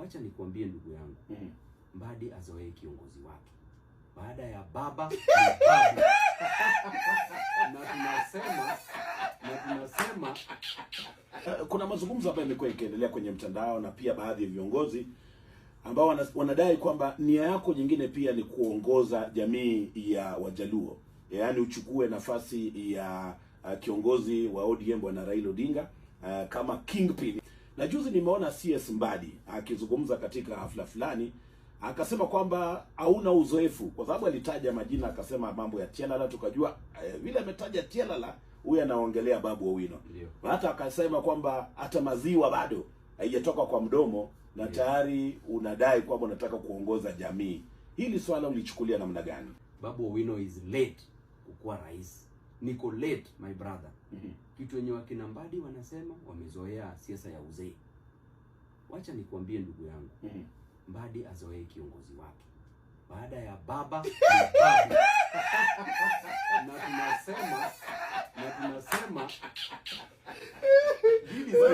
Wacha nikuambie ndugu yangu mm. Mbadi azoee kiongozi wake baada ya baba na tunasema na tunasema eh, kuna mazungumzo ambayo yamekuwa ikiendelea kwenye mtandao na pia baadhi ya viongozi ambao wanadai kwamba nia yako nyingine pia ni kuongoza jamii ya Wajaluo, yaani uchukue nafasi ya eh, kiongozi wa ODM bwana Raila Odinga eh, kama kingpin. Na juzi nimeona CS Mbadi akizungumza katika hafla fulani akasema kwamba hauna uzoefu kwa sababu alitaja majina akasema mambo ya Tialala, tukajua eh, vile ametaja Tialala huyu anaongelea Babu Owino na hata akasema kwamba hata maziwa bado haijatoka kwa mdomo na tayari unadai kwamba unataka kuongoza jamii. Hili swala ulichukulia namna gani? Babu Owino is late kukuwa rais niko late my brother. Mhm. Kitu wenye wakina Mbadi wanasema wamezoea siasa ya uzee. Wacha nikuambie ndugu yangu, mhm. Mbadi azoee kiongozi wake baada ya baba na tunasema na tunasema eh.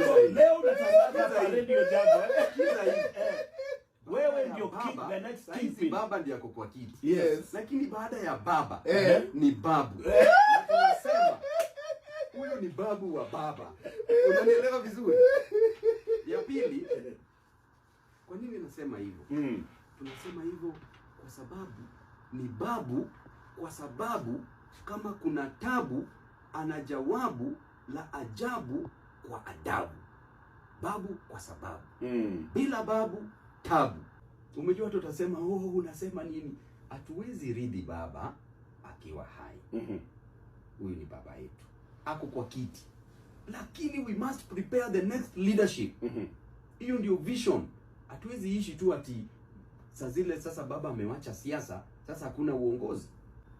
Baba ndiye ako kwa kiti, yes, lakini baada ya baba eh. ni babu eh wewe ni babu wa baba, unanielewa vizuri. Ya pili, kwa nini nasema hivyo? Mm. Tunasema hivyo kwa sababu ni babu, kwa sababu kama kuna tabu ana jawabu la ajabu kwa adabu. Babu kwa sababu mm. bila babu tabu. Umejua watu watasema oh, unasema nini? Hatuwezi ridhi baba akiwa hai. Mm-hmm. Huyu mm -hmm. ni baba yetu ako kwa kiti, lakini we must prepare the next leadership. Mhm. Hiyo mm -hmm. ndio vision. Hatuwezi ishi tu ati saa zile sasa baba amewacha siasa, sasa hakuna uongozi.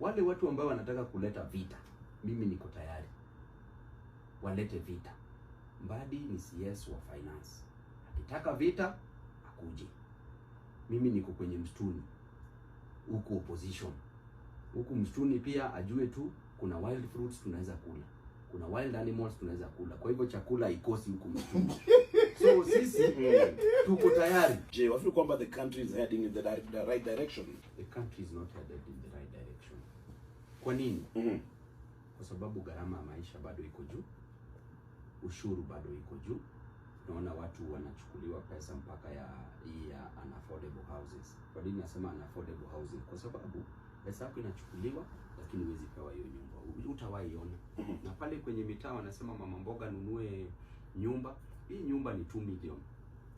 Wale watu ambao wanataka kuleta vita, mimi niko tayari, walete vita, mbadi ni CS wa finance. Akitaka vita akuje, mimi niko kwenye mstuni huku opposition, huku mstuni pia ajue tu kuna wild fruits tunaweza kula kuna wild animals tunaweza kula, kwa hivyo chakula ikosi huku msituni. So sisi eh, tuko tayari. Je, wafikiri kwamba the country is heading in the right, the right direction? The country is not headed in the right direction. Kwa nini? Mm -hmm. Kwa sababu gharama ya maisha bado iko juu, ushuru bado iko juu. Naona watu wanachukuliwa pesa mpaka ya ya unaffordable houses. Kwa nini nasema unaffordable housing? Kwa sababu pesa yako inachukuliwa, lakini huwezi pewa hiyo nyumba, utawaiona. Mhm. Na pale kwenye mitaa wanasema mama mboga, nunue nyumba hii, nyumba ni 2 million,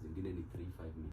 zingine ni 3 5 million.